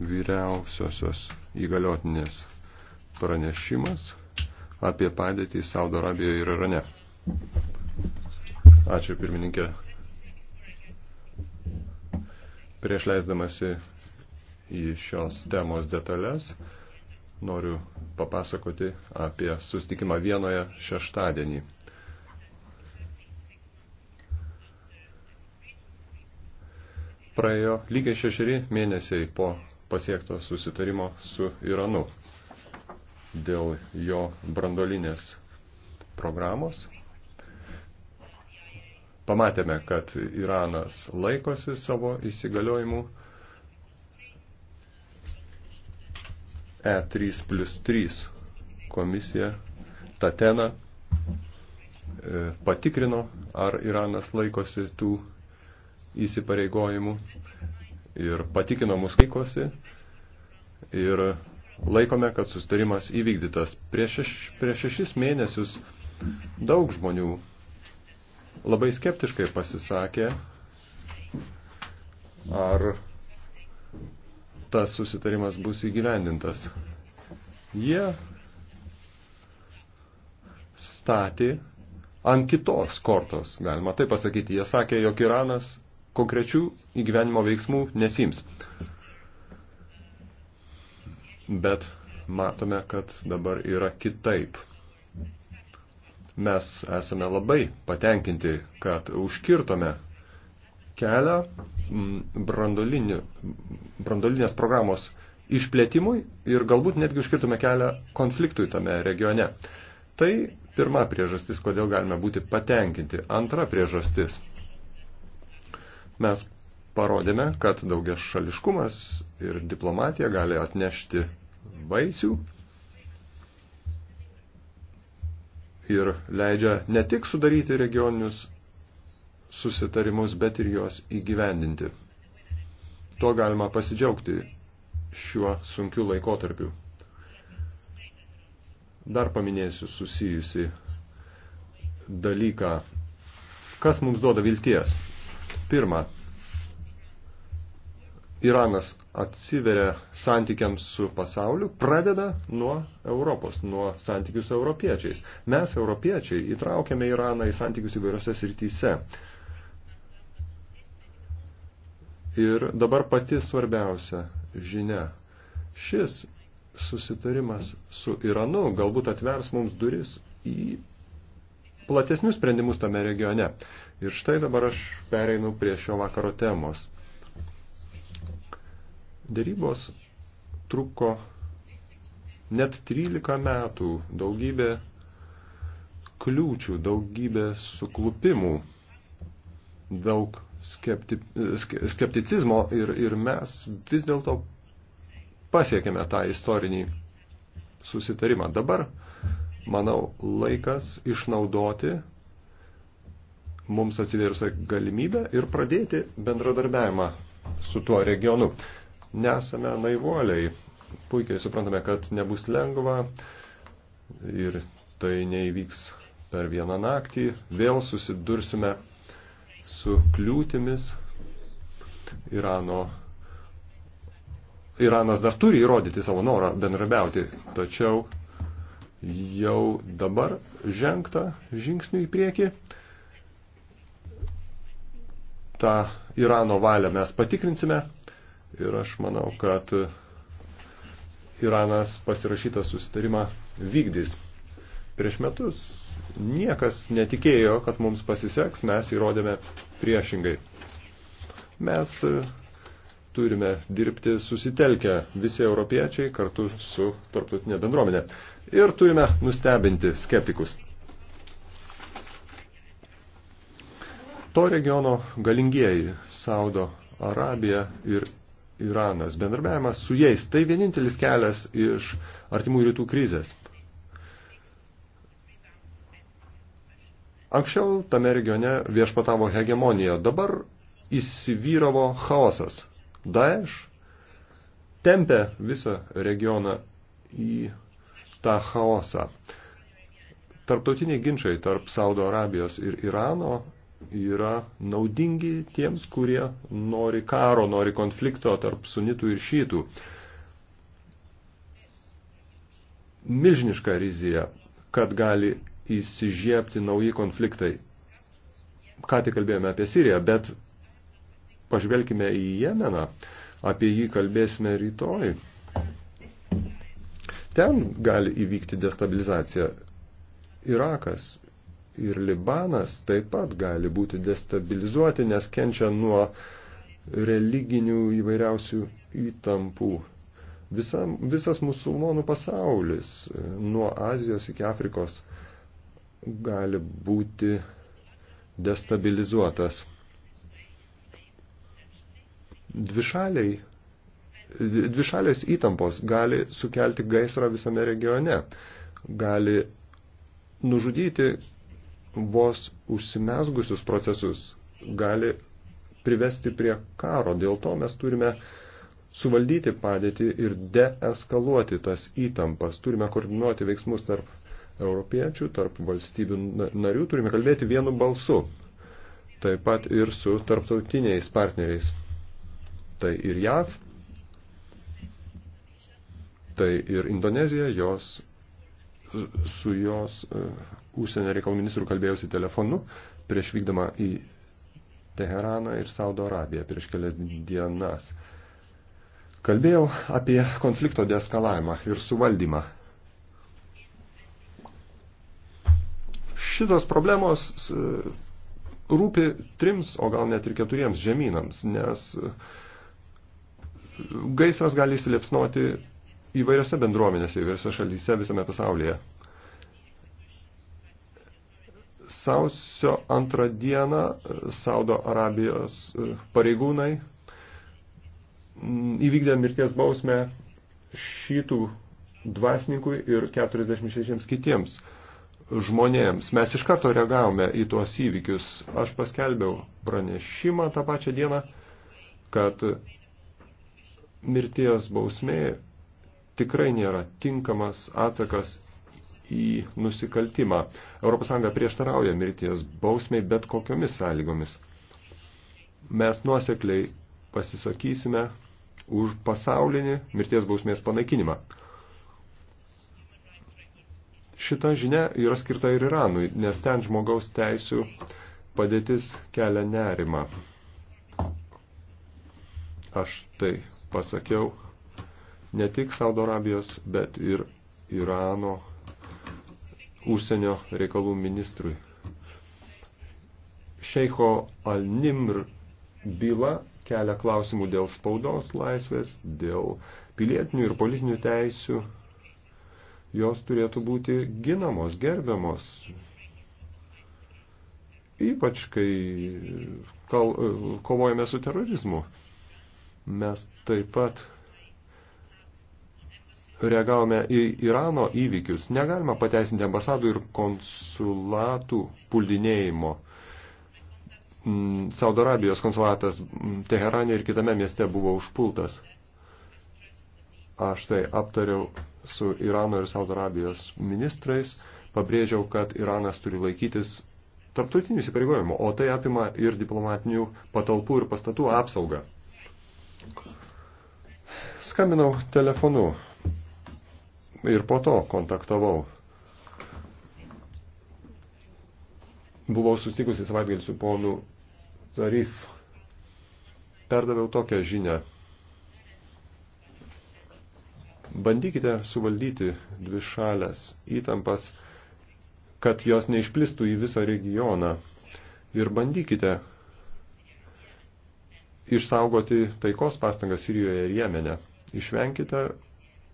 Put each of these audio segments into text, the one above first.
vyriausiosios įgaliotinės pranešimas apie padėtį Saudo Arabijoje ir Irane. Ačiū pirmininkė. Prieš leisdamasi į šios temos detalės, noriu papasakoti apie sustikimą vienoje šeštadienį. Praėjo lygiai šešeri mėnesiai po pasiekto susitarimo su Iranu dėl jo brandolinės programos. Pamatėme, kad Iranas laikosi savo įsigaliojimų E3 plus 3 komisija Tatena e, patikrino, ar Iranas laikosi tų įsipareigojimų ir patikino mus laikosi ir laikome, kad sustarimas įvykdytas. Prieš, šeš, prieš šešis mėnesius daug žmonių labai skeptiškai pasisakė, ar tas susitarimas bus įgyvendintas. Jie statė ant kitos kortos, galima tai pasakyti. Jie sakė, jog Iranas konkrečių įgyvenimo veiksmų nesims. Bet matome, kad dabar yra kitaip. Mes esame labai patenkinti, kad užkirtome kelią mm, brandolinės programos išplėtimui ir galbūt netgi užkirtume kelią konfliktui tame regione. Tai pirma priežastis, kodėl galime būti patenkinti. Antra priežastis – Mes parodėme, kad daugia šališkumas ir diplomatija gali atnešti vaisių ir leidžia ne tik sudaryti regioninius susitarimus, bet ir juos įgyvendinti. Tuo galima pasidžiaugti šiuo sunkiu laikotarpiu. Dar paminėsiu susijusi dalyką, kas mums duoda vilties – Pirma, Iranas atsiveria santykiams su pasauliu, pradeda nuo Europos, nuo santykių su europiečiais. Mes, europiečiai, įtraukiame Iraną į santykius įvairiose srityse. Ir dabar pati svarbiausia žinia. Šis susitarimas su Iranu galbūt atvers mums duris į platesnius sprendimus tame regione. Ir štai dabar aš pereinu prie šio vakaro temos. Dėrybos truko net 13 metų, daugybė kliūčių, daugybė suklupimų, daug skepti, skepticizmo ir, ir mes vis dėlto pasiekėme tą istorinį susitarimą. Dabar manau, laikas išnaudoti mums atsiverusią galimybę ir pradėti bendradarbiavimą su tuo regionu. Nesame naivuoliai, puikiai suprantame, kad nebus lengva ir tai neįvyks per vieną naktį, vėl susidursime su kliūtimis Irano. Iranas dar turi įrodyti savo norą bendrabiauti, tačiau jau dabar žengta žingsnių į priekį. Ta Irano valią mes patikrinsime ir aš manau, kad Iranas pasirašytą susitarimą vykdys. Prieš metus niekas netikėjo, kad mums pasiseks, mes įrodėme priešingai. Mes turime dirbti susitelkę visi europiečiai kartu su tarptautinė bendruomenė. Ir turime nustebinti skeptikus. To regiono galingieji Saudo Arabija ir Iranas. Bendarbiavimas su jais tai vienintelis kelias iš artimų rytų krizės. Anksčiau tame regione viešpatavo hegemonija, dabar įsivyravo chaosas. Daesh tempia visą regioną į tą chaosą. Tarptautiniai ginčiai tarp Saudo Arabijos ir Irano yra naudingi tiems, kurie nori karo, nori konflikto tarp sunitų ir šytų. Milžiniška rizija, kad gali įsižiebti nauji konfliktai. Ką tik kalbėjome apie Siriją, bet pažvelkime į Jemeną, apie jį kalbėsime rytoj. Ten gali įvykti destabilizacija. Irakas ir Libanas taip pat gali būti destabilizuoti, nes kenčia nuo religinių įvairiausių įtampų. Visa, visas musulmonų pasaulis nuo Azijos iki Afrikos gali būti destabilizuotas. Dvišaliai, dvišalės įtampos gali sukelti gaisrą visame regione, gali nužudyti vos užsimesgusius procesus, gali privesti prie karo. Dėl to mes turime suvaldyti padėtį ir deeskaluoti tas įtampas. Turime koordinuoti veiksmus tarp europiečių, tarp valstybių narių, turime kalbėti vienu balsu, taip pat ir su tarptautiniais partneriais. Tai ir JAV, tai ir Indonezija, jos su jos e, užsienio reikalų ministru kalbėjausi telefonu prieš vykdama į Teheraną ir Saudo Arabiją prieš kelias dienas. Kalbėjau apie konflikto deeskalavimą ir suvaldymą. Šitos problemos e, rūpi trims, o gal net ir keturiems žemynams, nes uh, gaisras gali įsiliepsnoti įvairiose bendruomenėse, įvairiose šalyse visame pasaulyje. Sausio antrą dieną Saudo Arabijos e, pareigūnai įvykdė mirties bausmę šitų dvasininkui ir 46 kitiems žmonėms. Mes iš karto reagavome į tuos įvykius. Aš paskelbiau pranešimą tą pačią dieną, kad mirties bausmė tikrai nėra tinkamas atsakas į nusikaltimą. ES prieštarauja mirties bausmiai bet kokiomis sąlygomis. Mes nuosekliai pasisakysime už pasaulinį mirties bausmės panaikinimą. Šita žinia yra skirta ir Iranui, nes ten žmogaus teisių padėtis kelia nerimą. Aš tai pasakiau ne tik Saudo Arabijos, bet ir Irano užsienio reikalų ministrui. Šeiko Al-Nimr byla kelia klausimų dėl spaudos laisvės, dėl pilietinių ir politinių teisių. Jos turėtų būti ginamos, gerbiamos. Ypač, kai kal, kovojame su terorizmu. Mes taip pat reagavome į Irano įvykius. Negalima pateisinti ambasadų ir konsulatų puldinėjimo. Mm, Saudo Arabijos konsulatas mm, Teherane ir kitame mieste buvo užpultas. Aš tai aptariau su Irano ir Saudo Arabijos ministrais, pabrėžiau, kad Iranas turi laikytis tarptautinių įsipareigojimų, o tai apima ir diplomatinių patalpų ir pastatų apsaugą. Skambinau telefonu ir po to kontaktavau. Buvau sustikusi savaitgalį su ponu Zarif. Perdaviau tokią žinią. Bandykite suvaldyti dvi šalės įtampas, kad jos neišplistų į visą regioną. Ir bandykite išsaugoti taikos pastangas Sirijoje ir Jemene. Išvenkite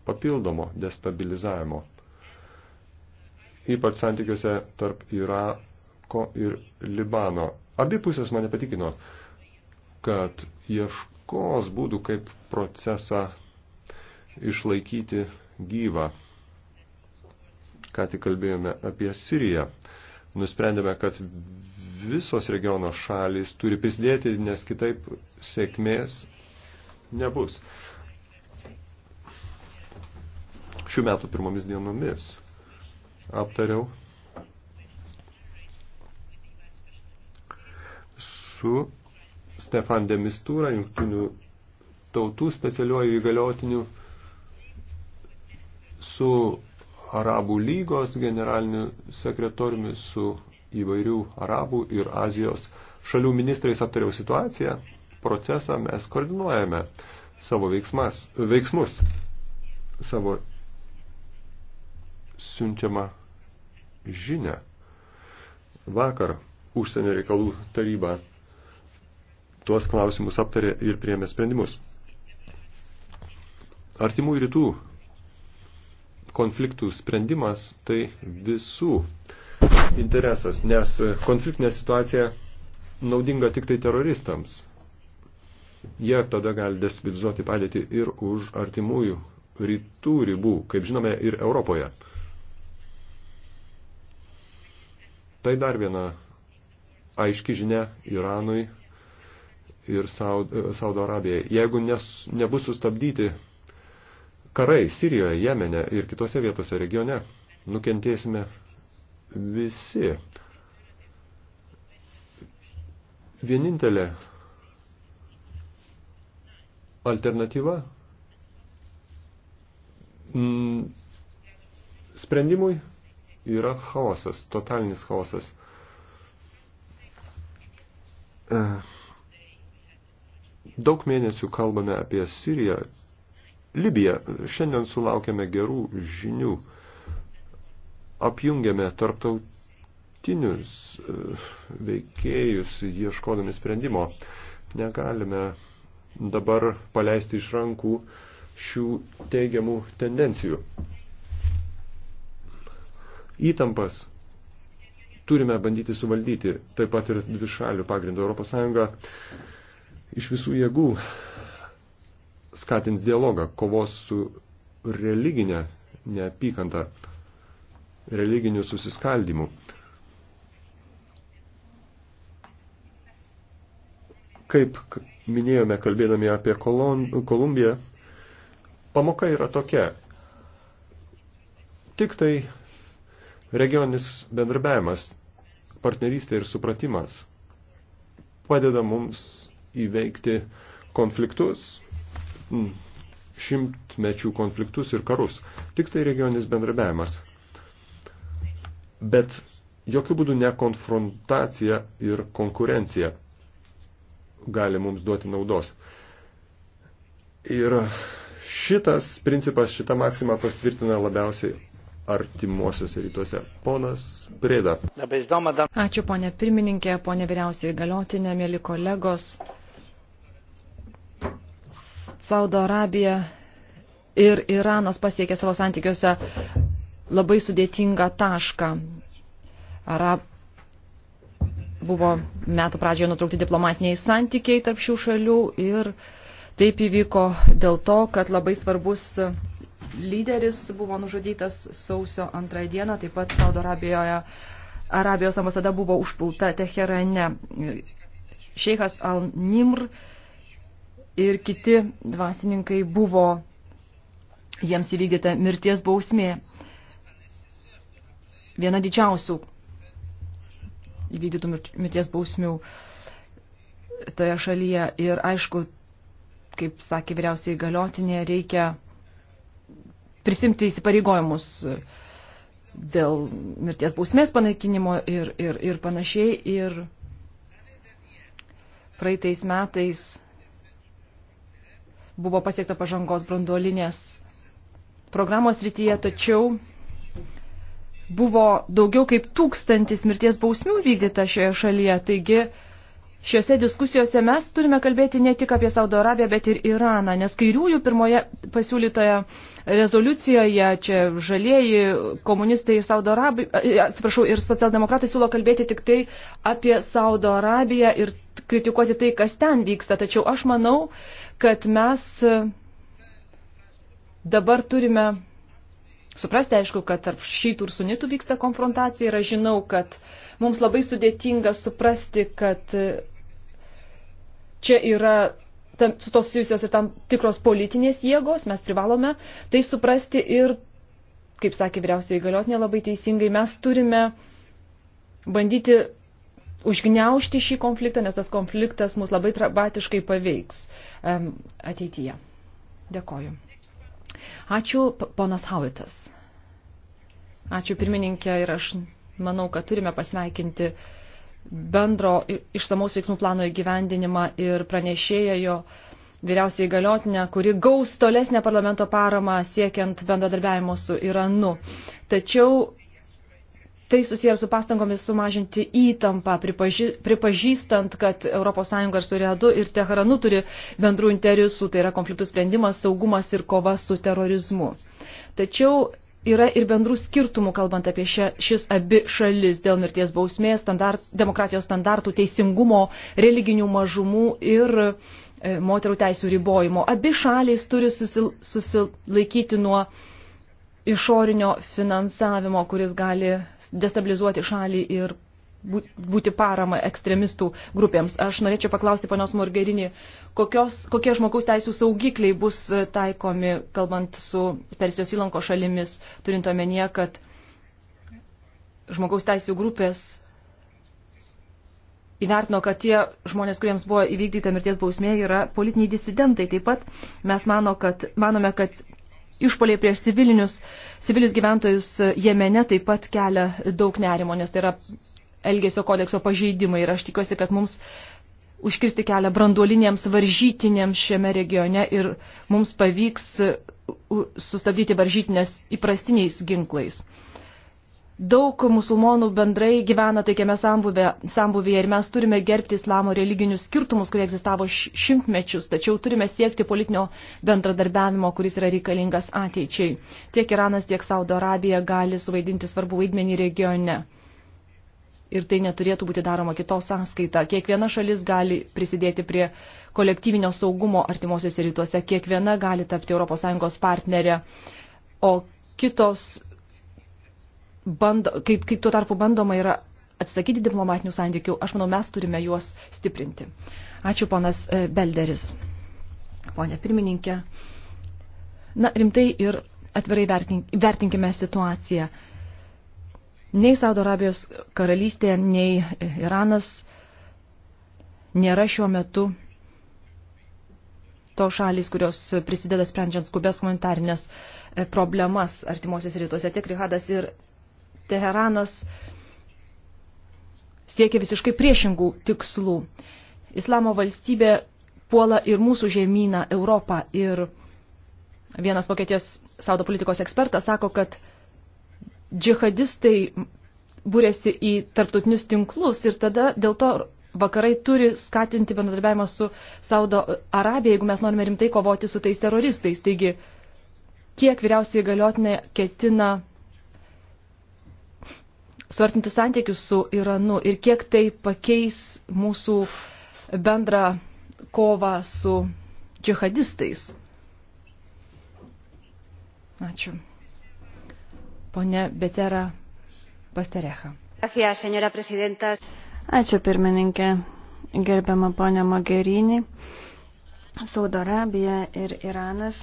papildomo destabilizavimo. Ypač santykiuose tarp Irako ir Libano. Abi pusės mane patikino, kad ieškos būdų, kaip procesą išlaikyti gyvą. Ką tik kalbėjome apie Siriją. Nusprendėme, kad visos regiono šalys turi prisidėti, nes kitaip sėkmės nebus. Šių metų pirmomis dienomis aptariau su Stefan de Mistura, jungtinių tautų specialiuoju įgaliotiniu, su Arabų lygos generaliniu sekretoriumi, su įvairių arabų ir Azijos šalių ministrais aptariau situaciją, procesą mes koordinuojame savo veiksmas, veiksmus, savo siunčiamą žinę. Vakar užsienio reikalų taryba tuos klausimus aptarė ir priėmė sprendimus. Artimų rytų konfliktų sprendimas tai visų interesas, nes konfliktinė situacija naudinga tik tai teroristams. Jie tada gali destabilizuoti padėtį ir už artimųjų rytų ribų, kaip žinome, ir Europoje. Tai dar viena aiški žinia Iranui ir Saudo Arabijai. Jeigu nes, nebus sustabdyti karai Sirijoje, Jemene ir kitose vietose regione, nukentėsime visi. Vienintelė alternatyva m, mm, sprendimui yra chaosas, totalinis chaosas. E, daug mėnesių kalbame apie Siriją, Libiją. Šiandien sulaukėme gerų žinių apjungiame tarptautinius e, veikėjus ieškodami sprendimo. Negalime dabar paleisti iš rankų šių teigiamų tendencijų. Įtampas turime bandyti suvaldyti, taip pat ir dvišalių pagrindų. ES iš visų jėgų skatins dialogą, kovos su religinė neapykanta religinių susiskaldimų. Kaip minėjome, kalbėdami apie Kolumbiją, pamoka yra tokia. Tik tai regioninis bendrabiavimas, partnerystė ir supratimas padeda mums įveikti konfliktus, mm, šimtmečių konfliktus ir karus. Tik tai regioninis bendrabiavimas bet jokių būdų ne konfrontacija ir konkurencija gali mums duoti naudos. Ir šitas principas, šita maksima pastvirtina labiausiai artimuosiuose rytuose. Ponas Prėda. Ačiū, ponė pirmininkė, ponė vyriausiai galiotinė, mėly kolegos. Saudo Arabija ir Iranas pasiekė savo santykiuose labai sudėtingą tašką. Arab buvo metų pradžioje nutraukti diplomatiniai santykiai tarp šių šalių ir taip įvyko dėl to, kad labai svarbus lyderis buvo nužudytas sausio antrąją dieną, taip pat Saudo Arabijoje Arabijos ambasada buvo užpulta Teherane. Šeikas Al-Nimr ir kiti dvasininkai buvo jiems įvykdyta mirties bausmė viena didžiausių įvykdytų mirties bausmių toje šalyje. Ir aišku, kaip sakė vyriausiai galiotinė, reikia prisimti įsipareigojimus dėl mirties bausmės panaikinimo ir, ir, ir panašiai. Ir praeitais metais buvo pasiekta pažangos branduolinės programos rytyje, tačiau buvo daugiau kaip tūkstantis mirties bausmių vykdyta šioje šalyje. Taigi šiuose diskusijose mes turime kalbėti ne tik apie Saudo Arabiją, bet ir Iraną, nes kairiųjų pirmoje pasiūlytoje rezoliucijoje čia žalieji komunistai ir Saudo Arabija, e, atsiprašau, ir socialdemokratai siūlo kalbėti tik tai apie Saudo Arabiją ir kritikuoti tai, kas ten vyksta. Tačiau aš manau, kad mes dabar turime suprasti, aišku, kad tarp šytų ir sunitų vyksta konfrontacija ir aš žinau, kad mums labai sudėtinga suprasti, kad e, čia yra tam, su tos susijusios ir tam tikros politinės jėgos, mes privalome tai suprasti ir, kaip sakė vyriausiai galiotinė labai teisingai, mes turime bandyti užgniaušti šį konfliktą, nes tas konfliktas mus labai batiškai paveiks um, ateityje. Dėkoju. Ačiū, ponas Hauitas. Ačiū pirmininkė ir aš manau, kad turime pasveikinti bendro išsamaus veiksmų plano įgyvendinimą ir pranešėjo vyriausiai galiotinę, kuri gaus tolesnę parlamento paramą siekiant bendradarbiavimo su Iranu. Tačiau tai susiję ir su pastangomis sumažinti įtampą, pripaži, pripažįstant, kad ES ir Suriadu ir Teheranu turi bendrų interesų, tai yra konfliktų sprendimas, saugumas ir kova su terorizmu. Tačiau yra ir bendrų skirtumų, kalbant apie šia, šis abi šalis dėl mirties bausmės, standart, demokratijos standartų, teisingumo, religinių mažumų ir e, moterų teisų ribojimo. Abi šalys turi susil, susilaikyti nuo išorinio finansavimo, kuris gali destabilizuoti šalį ir būti parama ekstremistų grupėms. Aš norėčiau paklausti ponios Morgerini, kokios, kokie žmogaus teisų saugikliai bus taikomi, kalbant su Persijos įlanko šalimis, turint omenyje, kad žmogaus teisų grupės įvertino, kad tie žmonės, kuriems buvo įvykdyta mirties bausmė, yra politiniai disidentai. Taip pat mes mano, kad, manome, kad išpoliai prieš civilinius, civilius gyventojus Jemene taip pat kelia daug nerimo, nes tai yra Elgesio kodekso pažeidimai ir aš tikiuosi, kad mums užkirsti kelią branduolinėms varžytinėms šiame regione ir mums pavyks sustabdyti varžytinės įprastiniais ginklais. Daug musulmonų bendrai gyvena taikiame sambuvėje ir mes turime gerbti islamo religinius skirtumus, kurie egzistavo šimtmečius, tačiau turime siekti politinio bendradarbiavimo, kuris yra reikalingas ateičiai. Tiek Iranas, tiek Saudo Arabija gali suvaidinti svarbu vaidmenį regione. Ir tai neturėtų būti daroma kitos sąskaita. Kiekviena šalis gali prisidėti prie kolektyvinio saugumo artimuosiuose rytuose, kiekviena gali tapti ES partnerė, o kitos bando, kaip, kaip tuo tarpu bandoma yra atsisakyti diplomatinių santykių, aš manau, mes turime juos stiprinti. Ačiū, ponas e, Belderis. Pone pirmininkė. Na, rimtai ir atvirai vertinkime situaciją. Nei Saudo Arabijos karalystė, nei Iranas nėra šiuo metu to šalis, kurios prisideda sprendžiant skubės humanitarinės e, problemas artimuosios rytuose. Tiek Rihadas ir Teheranas siekia visiškai priešingų tikslų. Islamo valstybė puola ir mūsų žemyną Europą. Ir vienas Vokietijos saudo politikos ekspertas sako, kad džihadistai būrėsi į tarptautinius tinklus ir tada dėl to vakarai turi skatinti bendradarbiavimą su Saudo Arabija, jeigu mes norime rimtai kovoti su tais teroristais. Taigi, kiek vyriausiai galiotinė ketina suartinti santykius su Iranu ir kiek tai pakeis mūsų bendrą kovą su džihadistais. Ačiū. Pone Betera Pasterecha. Ačiū pirmininkė, gerbiama ponė Mogherini. Saudo Arabija ir Iranas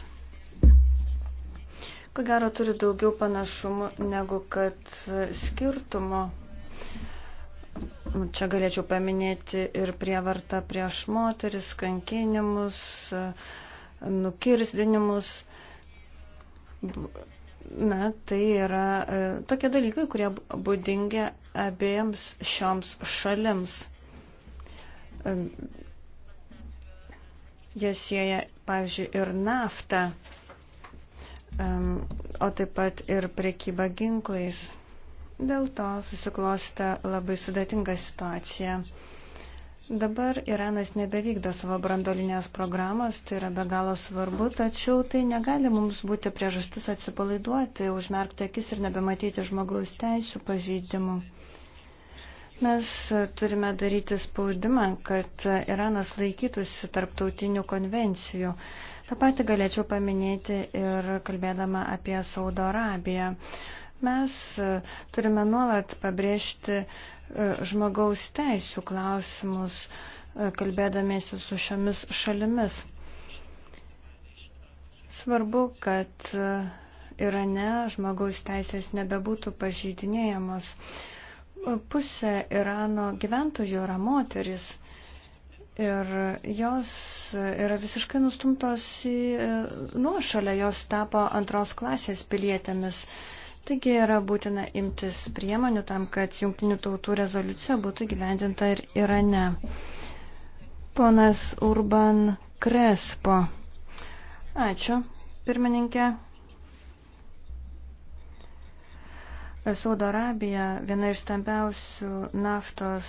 ko gero turi daugiau panašumų negu kad skirtumo. Čia galėčiau paminėti ir prievartą prieš moteris, kankinimus, nukirzdinimus. Na, tai yra e, tokie dalykai, kurie būdingi abiems šioms šalims jie sieja, pavyzdžiui, ir naftą o taip pat ir prekyba ginklais. Dėl to susiklostė labai sudėtinga situacija. Dabar Iranas nebevykdo savo brandolinės programos, tai yra be galo svarbu, tačiau tai negali mums būti priežastis atsipalaiduoti, užmerkti akis ir nebematyti žmogaus teisų pažeidimų. Mes turime daryti spaudimą, kad Iranas laikytųsi tarptautinių konvencijų. Ta pati galėčiau paminėti ir kalbėdama apie Saudo Arabiją. Mes e, turime nuolat pabrėžti e, žmogaus teisų klausimus, e, kalbėdamėsi su šiomis šalimis. Svarbu, kad Irane žmogaus teisės nebebūtų pažydinėjamos. Pusė Irano gyventojų yra moteris. Ir jos yra visiškai nustumtos į e, nuošalę, jos tapo antros klasės pilietėmis. Taigi yra būtina imtis priemonių tam, kad jungtinių tautų rezoliucija būtų gyvendinta ir Irane. Ponas Urban Krespo. Ačiū, pirmininkė. Saudo Arabija, viena iš stambiausių naftos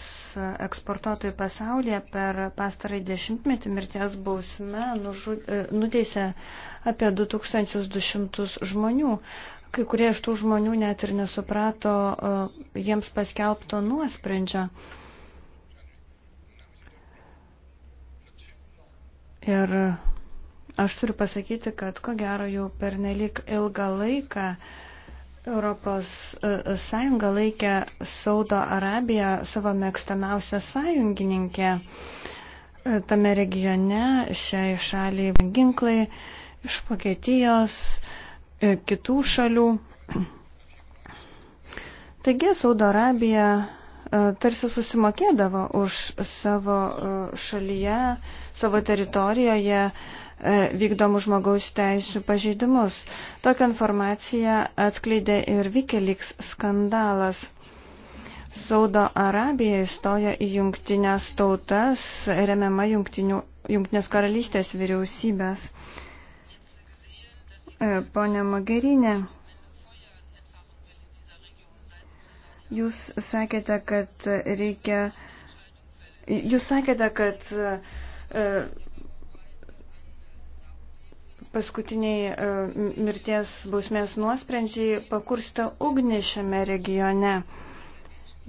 eksportuotojų pasaulyje, per pastarąjį dešimtmetį mirties bausme nužu, e, nuteisė apie 2200 žmonių. Kai kurie iš tų žmonių net ir nesuprato e, jiems paskelbto nuosprendžio. Ir aš turiu pasakyti, kad ko gero jau per nelik ilgą laiką uh, Europos e, Sąjunga laikė Saudo Arabiją savo mėgstamiausią sąjungininkę. E, tame regione šiai šaliai ginklai iš Vokietijos, e, kitų šalių. Taigi Saudo Arabija tarsi susimokėdavo už savo šalyje, savo teritorijoje E, vykdomų žmogaus teisų pažeidimus. Tokią informaciją atskleidė ir Vikeliks skandalas. Saudo Arabija įstojo į jungtinės tautas, remiama jungtinių, jungtinės karalystės vyriausybės. E, Pone Magerinė, jūs sakėte, kad reikia. Jūs sakėte, kad e, paskutiniai e, mirties bausmės nuosprendžiai pakursta ugnį šiame regione.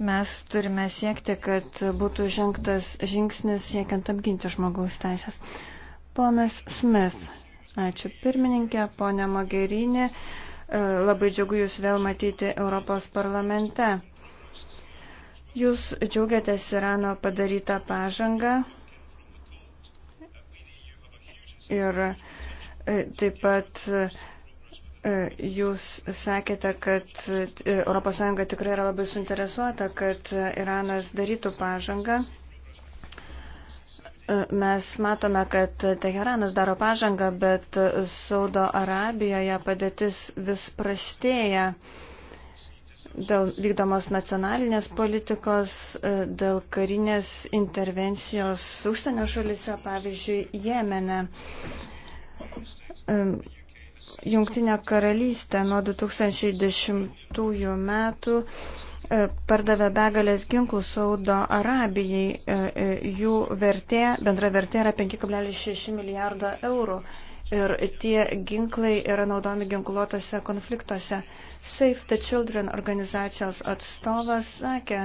Mes turime siekti, kad būtų žengtas žingsnis siekiant apginti žmogaus teisės. Ponas Smith, ačiū pirmininkė, ponė Mogerinė, e, labai džiugu Jūs vėl matyti Europos parlamente. Jūs džiaugiatės Irano padarytą pažangą ir uh, E, taip pat e, e, jūs sakėte, kad ES tikrai yra labai suinteresuota, kad Iranas darytų pažangą. Mes matome, kad Teheranas daro pažangą, bet Saudo Arabijoje padėtis vis prastėja dėl vykdomos nacionalinės politikos, dėl karinės intervencijos užsienio šalise, pavyzdžiui, Jemene. Jungtinė karalystė nuo 2010 metų e, pardavė begalės ginklų Saudo Arabijai. E, e, jų vertė, bendra vertė yra 5,6 milijardo eurų. Ir tie ginklai yra naudomi ginkluotose konfliktuose. Save the Children organizacijos atstovas sakė,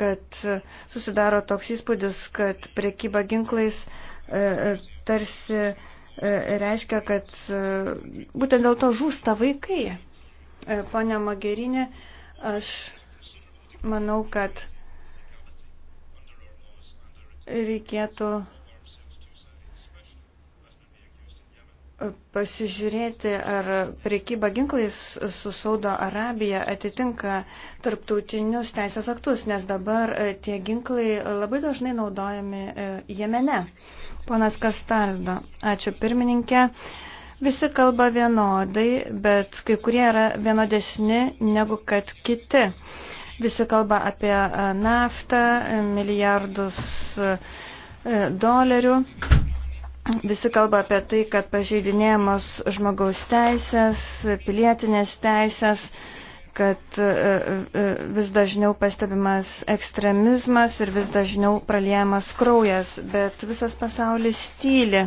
kad susidaro toks įspūdis, kad priekyba ginklais uh, E, e, tarsi e, reiškia, kad būtent dėl to žūsta vaikai. Pone Magerinė, aš manau, kad reikėtų pasižiūrėti, ar priekyba ginklais su Saudo Arabija atitinka tarptautinius teisės aktus, nes dabar e, tie ginklai labai dažnai naudojami e, Jemene. Ponas Kastaldo, ačiū pirmininkė. Visi kalba vienodai, bet kai kurie yra vienodesni negu kad kiti. Visi kalba apie e, naftą, milijardus dolerių. Visi kalba apie tai, kad pažeidinėjamos žmogaus teisės, pilietinės teisės, kad e, e, vis dažniau pastebimas ekstremizmas ir vis dažniau praliejamas kraujas, bet visas pasaulis tyli.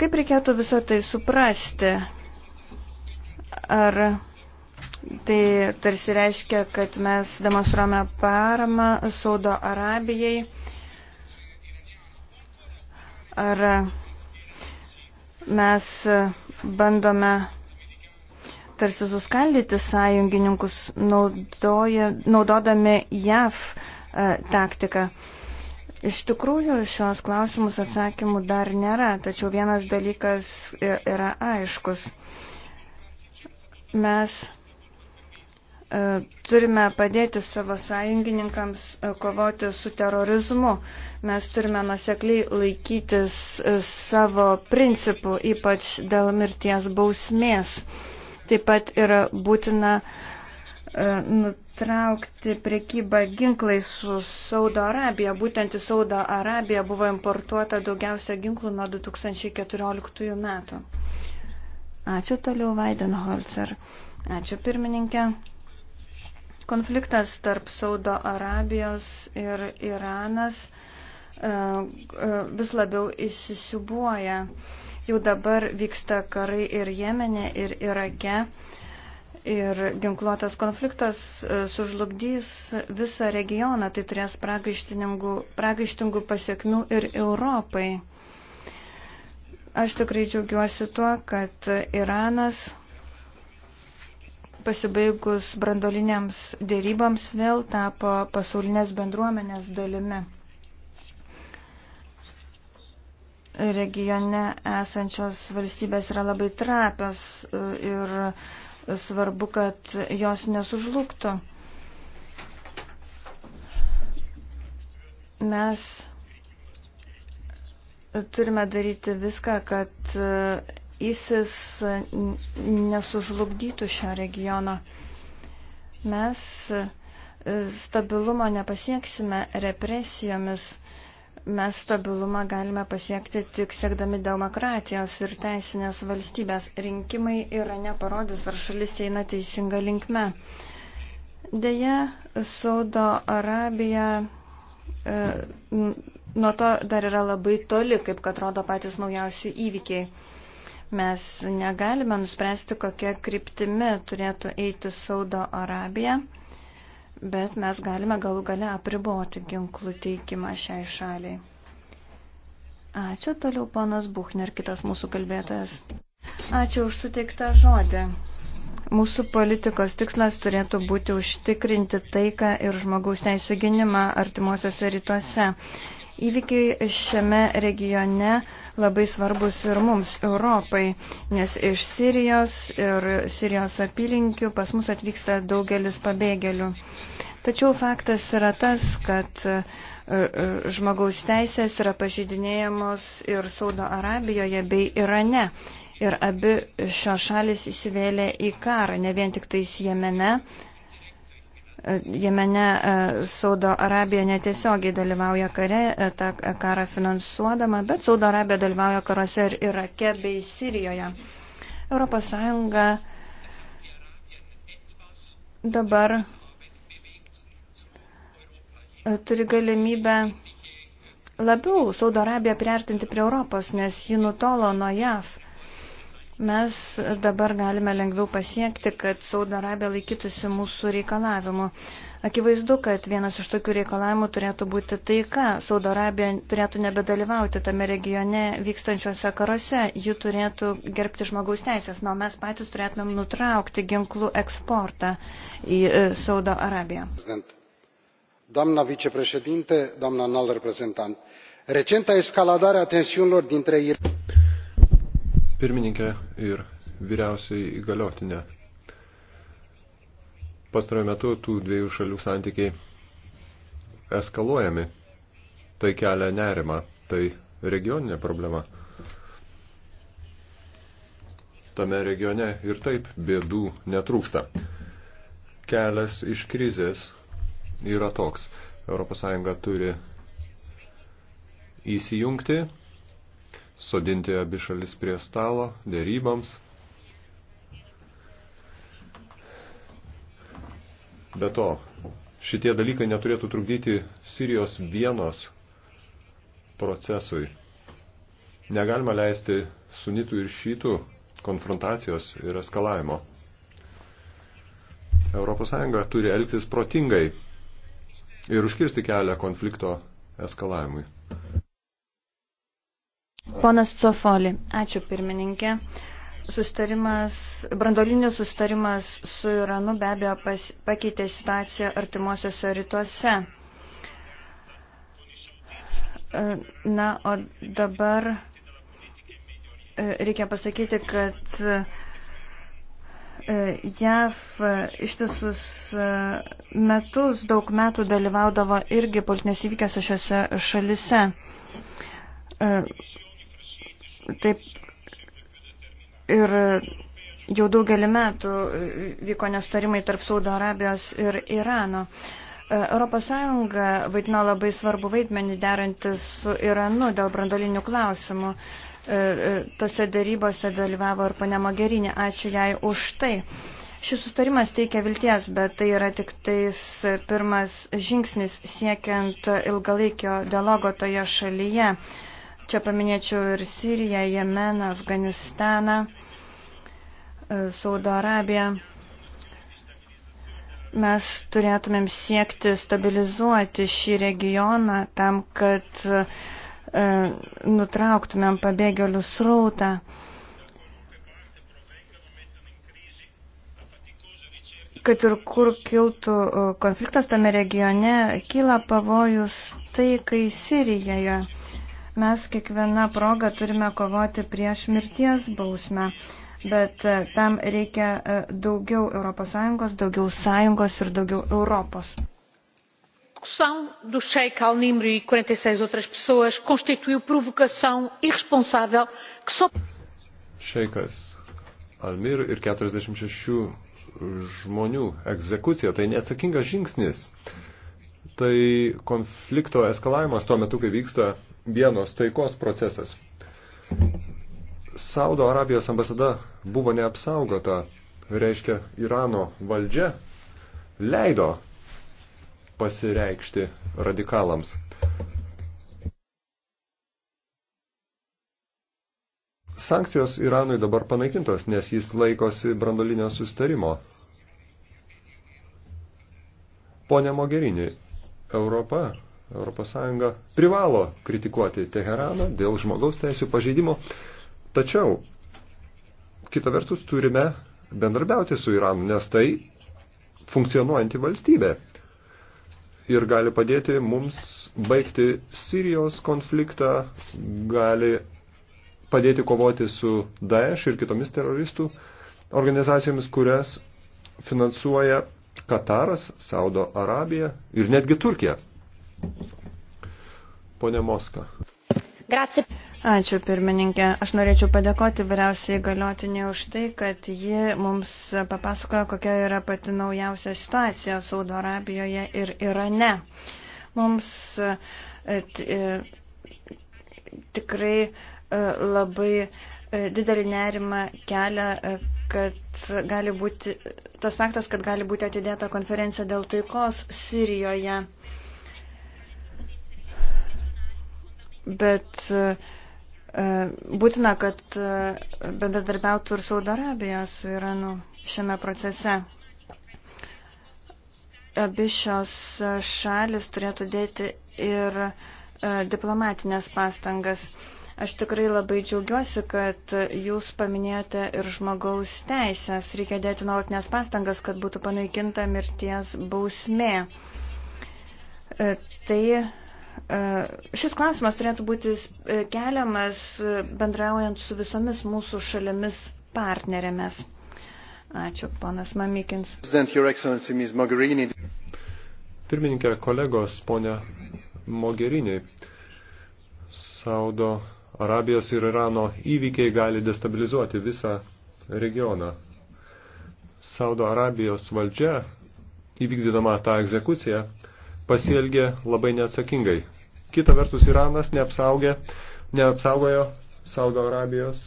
Kaip reikėtų visą tai suprasti? Ar tai tarsi reiškia, kad mes demonstruojame paramą Saudo Arabijai? ar mes bandome tarsi suskaldyti sąjungininkus naudoja, naudodami JAV e, taktiką. Iš tikrųjų, šios klausimus atsakymų dar nėra, tačiau vienas dalykas yra aiškus. Mes E, turime padėti savo sąjungininkams e, kovoti su terorizmu. Mes turime nusekliai laikytis e, savo principų, ypač dėl mirties bausmės. Taip pat yra būtina nutraukti priekybą ginklais su Saudo Arabija. Būtent į Saudo Arabiją buvo importuota daugiausia ginklų nuo 2014 metų. Ačiū toliau, Vaidenholzer. Ačiū pirmininkė. Konfliktas tarp Saudo Arabijos ir Iranas e, e, vis labiau įsisiubuoja. Jau dabar vyksta karai ir Jemenė, ir Irake. Ir ginkluotas konfliktas e, sužlugdys visą regioną, tai turės pragaištingų pasiekmių ir Europai. Aš tikrai džiaugiuosi tuo, kad Iranas pasibaigus brandoliniams dėryboms vėl tapo pasaulinės bendruomenės dalimi. Regione esančios valstybės yra labai trapios e, ir svarbu, kad jos nesužlugtų. Mes turime daryti viską, kad e, ISIS nesužlugdytų šio regiono. Mes stabilumo nepasieksime represijomis, mes stabilumą galime pasiekti tik siekdami demokratijos ir teisinės valstybės. Rinkimai yra neparodys, ar šalis eina teisinga linkme. Deja, Saudo Arabija e, nuo to dar yra labai toli, kaip kad rodo patys naujausi įvykiai. Mes negalime nuspręsti, kokia kryptimi turėtų eiti Saudo Arabija, bet mes galime galų gale apriboti ginklų teikimą šiai šaliai. Ačiū toliau, ponas Buchner, kitas mūsų kalbėtojas. Ačiū už suteiktą žodį. Mūsų politikos tikslas turėtų būti užtikrinti taiką ir žmogaus teisų gynimą artimuosiuose rytuose. Įvykiai šiame regione labai svarbus ir mums, Europai, nes iš Sirijos ir Sirijos apylinkių pas mus atvyksta daugelis pabėgėlių. Tačiau faktas yra tas, kad e, e, žmogaus teisės yra pažydinėjamos ir Saudo Arabijoje bei Irane. Ir abi šios šalis įsivėlė į karą, ne vien tik tais Jemene, Jemene e, Saudo Arabija netiesiogiai dalyvauja kare, e, tą karą finansuodama, bet Saudo Arabija dalyvauja karuose ir Irake bei Sirijoje. Europos Sąjunga dabar e, turi galimybę labiau Saudo Arabiją priartinti prie Europos, nes ji nutolo nuo JAV. Mes dabar galime lengviau pasiekti, kad Saudo Arabija laikytųsi mūsų reikalavimų. Akivaizdu, kad vienas iš tokių reikalavimų turėtų būti taika. Saudo Arabija turėtų nebedalyvauti tame regione vykstančiuose karuose. Ji turėtų gerbti žmogaus teisės, na, mes patys turėtumėm nutraukti ginklų eksportą į e, Saudo Arabiją. Doamna vicepreședinte, doamna înalt reprezentant, recenta escaladare a tensiunilor dintre Iran pirmininkę ir vyriausiai įgaliotinę. Pastarojo metu tų dviejų šalių santykiai eskaluojami. Tai kelia nerima, tai regioninė problema. Tame regione ir taip bėdų netrūksta. Kelias iš krizės yra toks. ES turi įsijungti sodinti abi šalis prie stalo dėryboms. Be to, šitie dalykai neturėtų trukdyti Sirijos vienos procesui. Negalima leisti sunitų ir šytų konfrontacijos ir eskalavimo. ES turi elgtis protingai ir užkirsti kelią konflikto eskalavimui. Ponas Cofoli, ačiū pirmininkė. Sustarimas, brandolinis sustarimas su Iranu be abejo pas, pakeitė situaciją artimuosiuose rytuose. E, na, o dabar e, reikia pasakyti, kad e, JAV ištisus metus daug metų dalyvaudavo irgi politinės įvykiuose šiuose šalise Taip ir jau daugelį metų vyko nestarimai tarp Saudo Arabijos ir Irano. ES vaidino labai svarbu vaidmenį derantis su Iranu dėl brandolinių klausimų. E, e, tose darybose dalyvavo ir ponia Mogerinė. Ačiū jai už tai. Šis sustarimas teikia vilties, bet tai yra tik tais pirmas žingsnis siekiant ilgalaikio dialogo toje šalyje. Čia paminėčiau ir Siriją, Jemeną, Afganistaną, e, Saudo Arabiją. Mes turėtumėm siekti stabilizuoti šį regioną tam, kad e, nutrauktumėm pabėgėlių srautą. kad ir kur kiltų e, konfliktas tame regione, kyla pavojus taikai Sirijoje. Mes kiekvieną progą turime kovoti prieš mirties bausmę, bet e, tam reikia e, daugiau ES, daugiau sąjungos ir daugiau Europos. execução do Sheikh Al-Nimri e 46 outras pessoas constituiu provocação irresponsável que só. Šeikas Almir ir 46 žmonių egzekucija tai neatsakingas žingsnis. Tai konflikto eskalavimas tuo metu, kai vyksta vienos taikos procesas. Saudo Arabijos ambasada buvo neapsaugota, reiškia Irano valdžia leido pasireikšti radikalams. Sankcijos Iranui dabar panaikintos, nes jis laikosi brandolinio sustarimo. Pone Mogerini, Europa ES privalo kritikuoti Teheraną dėl žmogaus teisų pažeidimo, tačiau kita vertus turime bendrabiauti su Iranu, nes tai funkcionuojanti valstybė ir gali padėti mums baigti Sirijos konfliktą, gali padėti kovoti su Daesh ir kitomis teroristų organizacijomis, kurias finansuoja Kataras, Saudo Arabija ir netgi Turkija. Pone Moska. Grazie. Ačiū pirmininkė. Aš norėčiau padėkoti vyriausiai galiotinė už tai, kad ji mums papasakojo, kokia yra pati naujausia situacija Saudo Arabijoje ir Irane. Mums e, e, tikrai e, labai didelį nerimą kelia, kad gali būti tas faktas, kad gali būti atidėta konferencija dėl taikos Sirijoje. bet e, būtina, kad e, bendradarbiautų ir Saudo Arabija su Iranu šiame procese. Abi šios šalis turėtų dėti ir e, diplomatinės pastangas. Aš tikrai labai džiaugiuosi, kad jūs paminėjote ir žmogaus teisės. Reikia dėti nuolatinės pastangas, kad būtų panaikinta mirties bausmė. Tai E, šis klausimas turėtų būti e, keliamas e, bendraujant su visomis mūsų šalimis partnerėmis. Ačiū, ponas Mamikins. Pirmininkė, kolegos, ponia Mogherini, Saudo Arabijos ir Irano įvykiai gali destabilizuoti visą regioną. Saudo Arabijos valdžia, įvykdydama tą egzekuciją, pasielgė labai neatsakingai. Kita vertus, Iranas neapsaugė, neapsaugojo Saudo Arabijos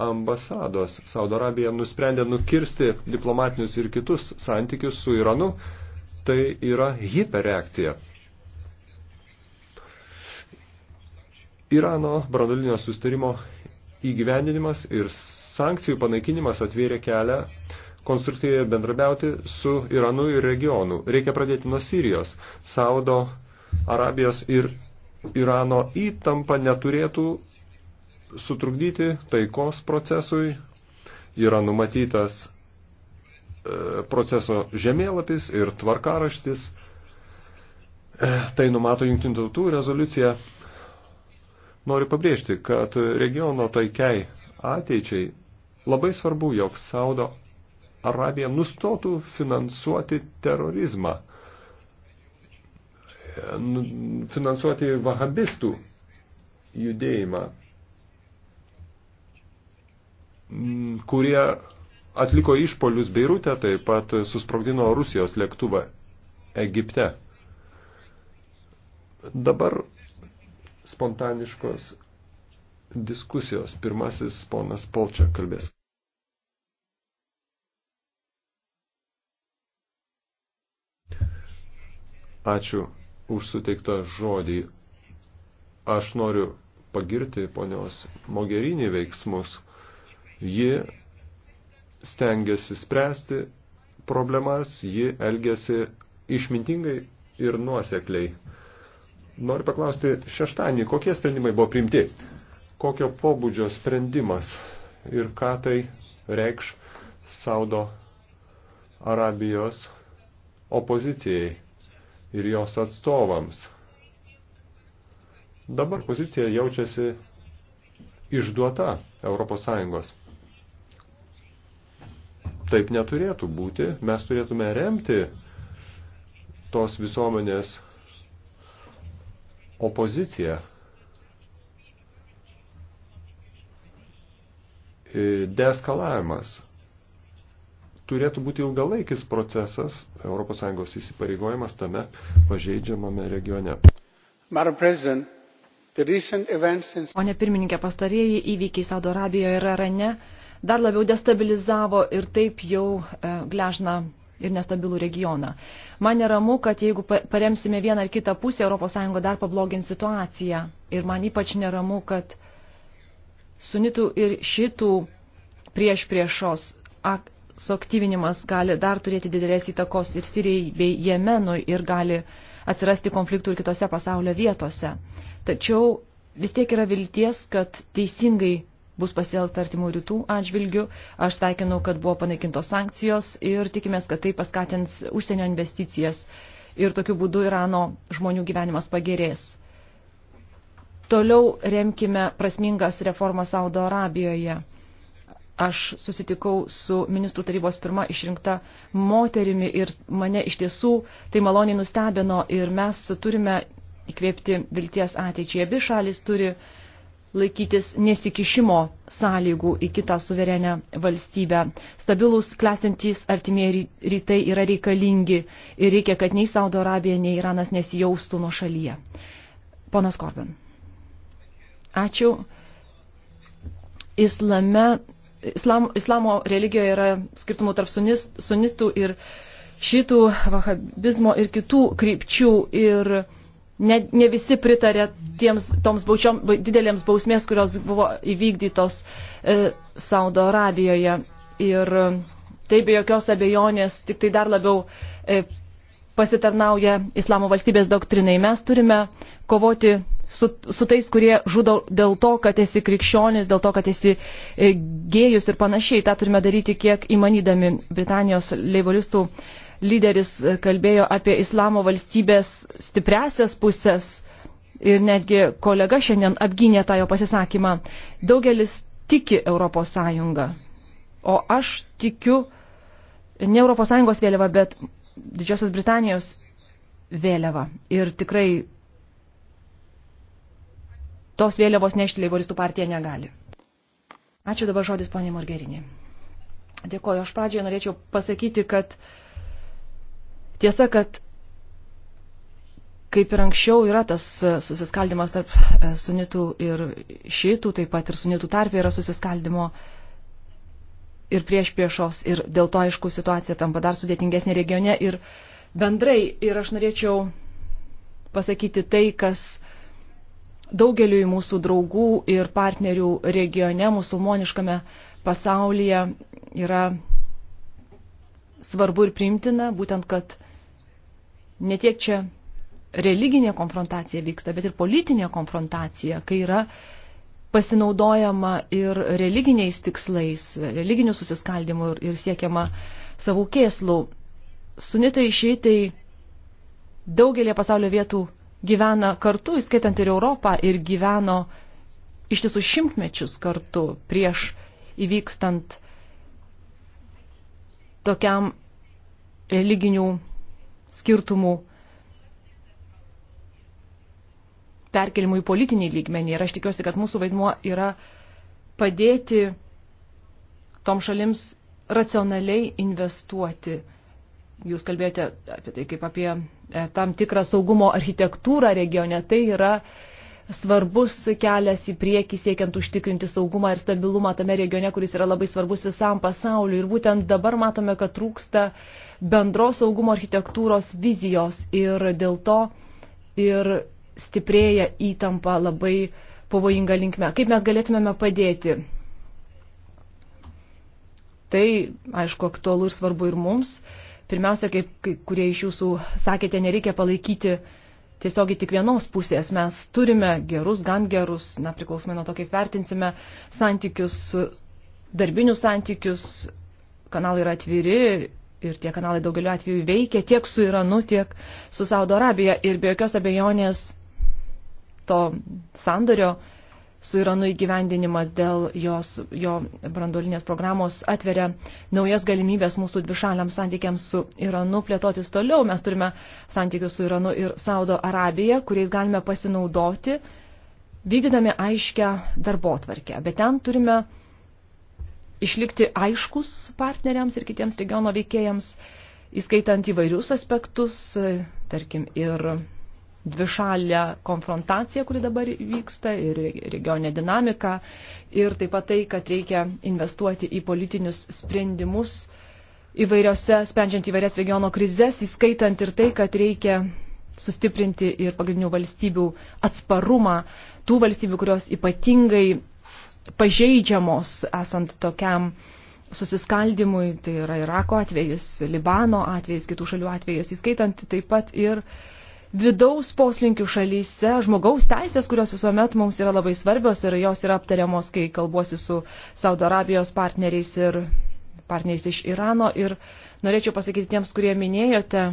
ambasados. Saudo Arabija nusprendė nukirsti diplomatinius ir kitus santykius su Iranu. Tai yra hiperreakcija. Irano brandolinio sustarimo įgyvendinimas ir sankcijų panaikinimas atvėrė kelią konstruktyviai bendrabiauti su Iranu ir regionu. Reikia pradėti nuo Sirijos. Saudo Arabijos ir Irano įtampa neturėtų sutrukdyti taikos procesui. Yra numatytas e, proceso žemėlapis ir tvarkaraštis. E, tai numato jungtinių tautų rezoliucija. Noriu pabrėžti, kad regiono taikiai ateičiai labai svarbu, jog Saudo Arabija nustotų finansuoti terorizmą, nu, finansuoti vahabistų judėjimą, mm, kurie atliko išpolius Beirute, taip pat susprogdino Rusijos lėktuvą Egipte. Dabar spontaniškos diskusijos. Pirmasis ponas Polčia kalbės. Ačiū už suteiktą žodį. Aš noriu pagirti ponios Mogerinį veiksmus. Ji stengiasi spręsti problemas, ji elgiasi išmintingai ir nuosekliai. Noriu paklausti šeštąjį, kokie sprendimai buvo priimti, kokio pobūdžio sprendimas ir ką tai reikš Saudo Arabijos opozicijai ir jos atstovams. Dabar pozicija jaučiasi išduota ES. Taip neturėtų būti, mes turėtume remti tos visuomenės opoziciją. E, deeskalavimas turėtų būti ilgalaikis procesas, ES įsipareigojimas tame pažeidžiamame regione. Pone pirmininkė, pastarieji įvykiai Saudo Arabijoje ir Arane dar labiau destabilizavo ir taip jau e, gležna ir nestabilų regioną. Man neramu, kad jeigu paremsime vieną ar kitą pusę, ES dar pablogins situaciją. Ir man ypač neramu, kad sunitų ir šitų prieš priešos ak suaktyvinimas gali dar turėti didelės įtakos ir Sirijai bei Jemenui ir gali atsirasti konfliktų ir kitose pasaulio vietose. Tačiau vis tiek yra vilties, kad teisingai bus pasielgta artimų rytų atžvilgių. Aš sveikinu, kad buvo panaikintos sankcijos ir tikimės, kad tai paskatins užsienio investicijas ir tokiu būdu Irano žmonių gyvenimas pagerės. Toliau remkime prasmingas reformas Saudo Arabijoje aš susitikau su ministrų tarybos pirma išrinkta moterimi ir mane iš tiesų tai maloniai nustebino ir mes turime įkvėpti vilties ateičiai. Abi šalis turi laikytis nesikišimo sąlygų į kitą suverenę valstybę. Stabilūs, klestintys artimieji rytai yra reikalingi ir reikia, kad nei Saudo Arabija, nei Iranas nesijaustų nuo šalyje. Ponas Korbin. Ačiū. Islame islam, islamo religijoje yra skirtumų tarp sunis, sunitų ir šitų vahabizmo ir kitų krypčių ir ne, ne visi pritarė tiems, toms baučiom, didelėms bausmės, kurios buvo įvykdytos e, Saudo Arabijoje. Ir e, tai be jokios abejonės tik tai dar labiau e, pasitarnauja islamo valstybės doktrinai. Mes turime kovoti su, su tais, kurie žudo dėl to, kad esi krikščionis, dėl to, kad esi e, gėjus ir panašiai. Ta turime daryti kiek įmanydami. Britanijos leiboristų lyderis e, kalbėjo apie islamo valstybės stipresias pusės ir netgi kolega šiandien apgynė tą jo pasisakymą. Daugelis tiki Europos Sąjungą, o aš tikiu ne Europos Sąjungos vėliava, bet Didžiosios Britanijos vėliava. Ir tikrai tos vėliavos nešti leiboristų partija negali. Ačiū dabar žodis ponė Morgerinė. Dėkoju. Aš pradžioje norėčiau pasakyti, kad tiesa, kad kaip ir anksčiau yra tas susiskaldimas tarp e, sunitų ir šitų, taip pat ir sunitų tarpė yra susiskaldimo ir prieš priešos ir dėl to, aišku, situacija tampa dar sudėtingesnė regione ir bendrai ir aš norėčiau pasakyti tai, kas uh, daugeliui mūsų draugų ir partnerių regione, musulmoniškame pasaulyje yra svarbu ir priimtina, būtent, kad ne tiek čia religinė konfrontacija vyksta, bet ir politinė konfrontacija, kai yra pasinaudojama ir religiniais tikslais, religinių susiskaldimų ir siekiama savų kėslų. Sunitai išeitai daugelį pasaulio vietų gyvena kartu, įskaitant ir Europą, ir gyveno ištisus šimtmečius kartu prieš įvykstant tokiam religinių skirtumų perkelimui į politinį lygmenį. Ir aš tikiuosi, kad mūsų vaidmuo yra padėti tom šalims racionaliai investuoti jūs kalbėjote apie tai kaip apie e, tam tikrą saugumo architektūrą regione, tai yra svarbus kelias į priekį siekiant užtikrinti saugumą ir stabilumą tame regione, kuris yra labai svarbus visam pasauliu. Ir būtent dabar matome, kad trūksta bendros saugumo architektūros vizijos ir dėl to ir stiprėja įtampa labai pavojinga linkme. Kaip mes galėtumėme padėti? Tai, aišku, aktualu ir svarbu ir mums. Uh, Pirmiausia, kaip kai kurie iš jūsų sakėte, nereikia palaikyti tiesiog tik vienos pusės. Mes turime gerus, gan gerus, na, priklausomai nuo to, kaip vertinsime santykius, darbinius santykius, kanalai yra atviri ir tie kanalai daugeliu atveju veikia tiek su Iranu, tiek su Saudo Arabija ir be jokios abejonės to sandorio su Iranu įgyvendinimas dėl jos, jo brandolinės programos atveria naujas galimybės mūsų dvišaliams santykiams su Iranu plėtotis toliau. Mes turime santykius su Iranu ir Saudo Arabija, kuriais galime pasinaudoti, vykdydami aiškę darbo tvarkę. Bet ten turime išlikti aiškus partneriams ir kitiems regiono veikėjams, įskaitant įvairius aspektus, tarkim, ir dvišalę konfrontaciją, kuri dabar vyksta, ir regioninę dinamiką, ir taip pat tai, kad reikia investuoti į politinius sprendimus įvairiose, sprendžiant įvairias regiono krizes, įskaitant ir tai, kad reikia sustiprinti ir pagrindinių valstybių atsparumą, tų valstybių, kurios ypatingai pažeidžiamos esant tokiam susiskaldimui, tai yra Irako atvejis, Libano atvejis, kitų šalių atvejis, įskaitant taip pat ir uh, vidaus poslinkių šalyse, žmogaus teisės, kurios visuomet mums yra labai svarbios ir jos yra aptariamos, kai kalbuosi su Saudo Arabijos partneriais ir partneriais iš Irano. Ir norėčiau pasakyti tiems, kurie minėjote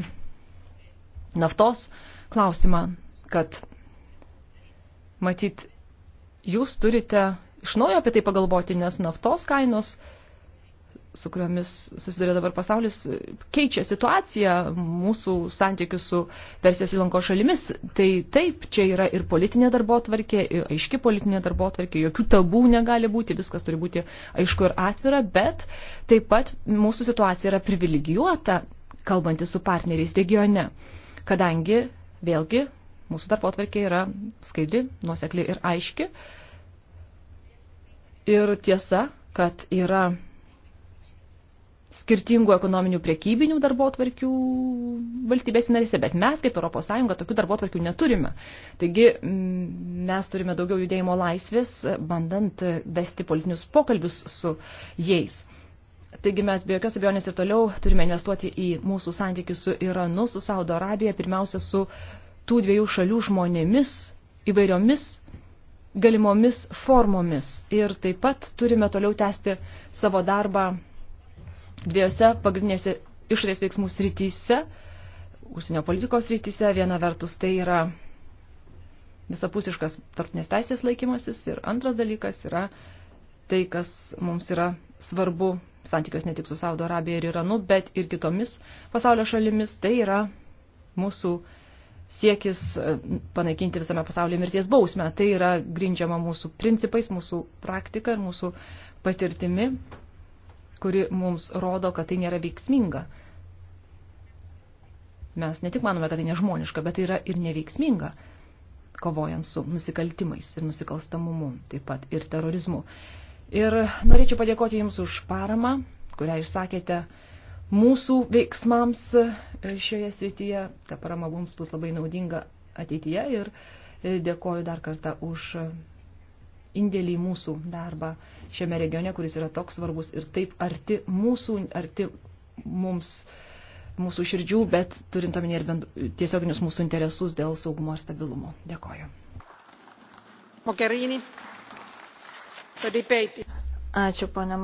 naftos klausimą, kad matyt, jūs turite iš naujo apie tai pagalvoti, nes naftos kainos su kuriomis susiduria dabar pasaulis, keičia situaciją mūsų santykių su Persijos įlanko šalimis. Tai taip, čia yra ir politinė darbo tvarkė, aiški politinė darbo tvarkė, jokių tabų negali būti, viskas turi būti aišku ir atvira, bet taip pat mūsų situacija yra privilegijuota, kalbantys su partneriais regione, kadangi vėlgi mūsų darbo tvarkė yra skaidri, nuosekli ir aiški. Ir tiesa, kad yra skirtingų ekonominių priekybinių darbotvarkių valstybės narėse, bet mes kaip ES tokių darbotvarkių neturime. Taigi mm, mes turime daugiau judėjimo laisvės, bandant vesti politinius pokalbius su jais. Taigi mes be jokios abejonės ir toliau turime investuoti į mūsų santykius su Iranu, su Saudo Arabija, pirmiausia su tų dviejų šalių žmonėmis įvairiomis galimomis formomis. Ir taip pat turime toliau tęsti savo darbą dviejose pagrindinėse išorės veiksmų srityse, užsienio politikos srityse. Viena vertus tai yra visapusiškas tarptinės teisės laikymasis ir antras dalykas yra tai, kas mums yra svarbu santykios ne tik su Saudo Arabija ir Iranu, bet ir kitomis pasaulio šalimis. Tai yra mūsų siekis e, panaikinti visame pasaulyje mirties bausmę. Tai yra grindžiama mūsų principais, mūsų praktika ir mūsų patirtimi kuri mums rodo, kad tai nėra veiksminga. Mes ne tik manome, kad tai nežmoniška, bet tai yra ir neveiksminga, kovojant su nusikaltimais ir nusikalstamumu, taip pat ir terorizmu. Ir norėčiau padėkoti Jums už paramą, kurią išsakėte mūsų veiksmams e, šioje srityje. Ta parama mums bus labai naudinga ateityje ir e, dėkoju dar kartą už e, indėlį į mūsų darbą šiame regione, kuris yra toks svarbus ir taip arti mūsų, arti mums, mūsų širdžių, bet turint omenyje ir bend... tiesioginius mūsų interesus dėl saugumo ir stabilumo. Dėkoju. Mogherini. Ačiū, ponia.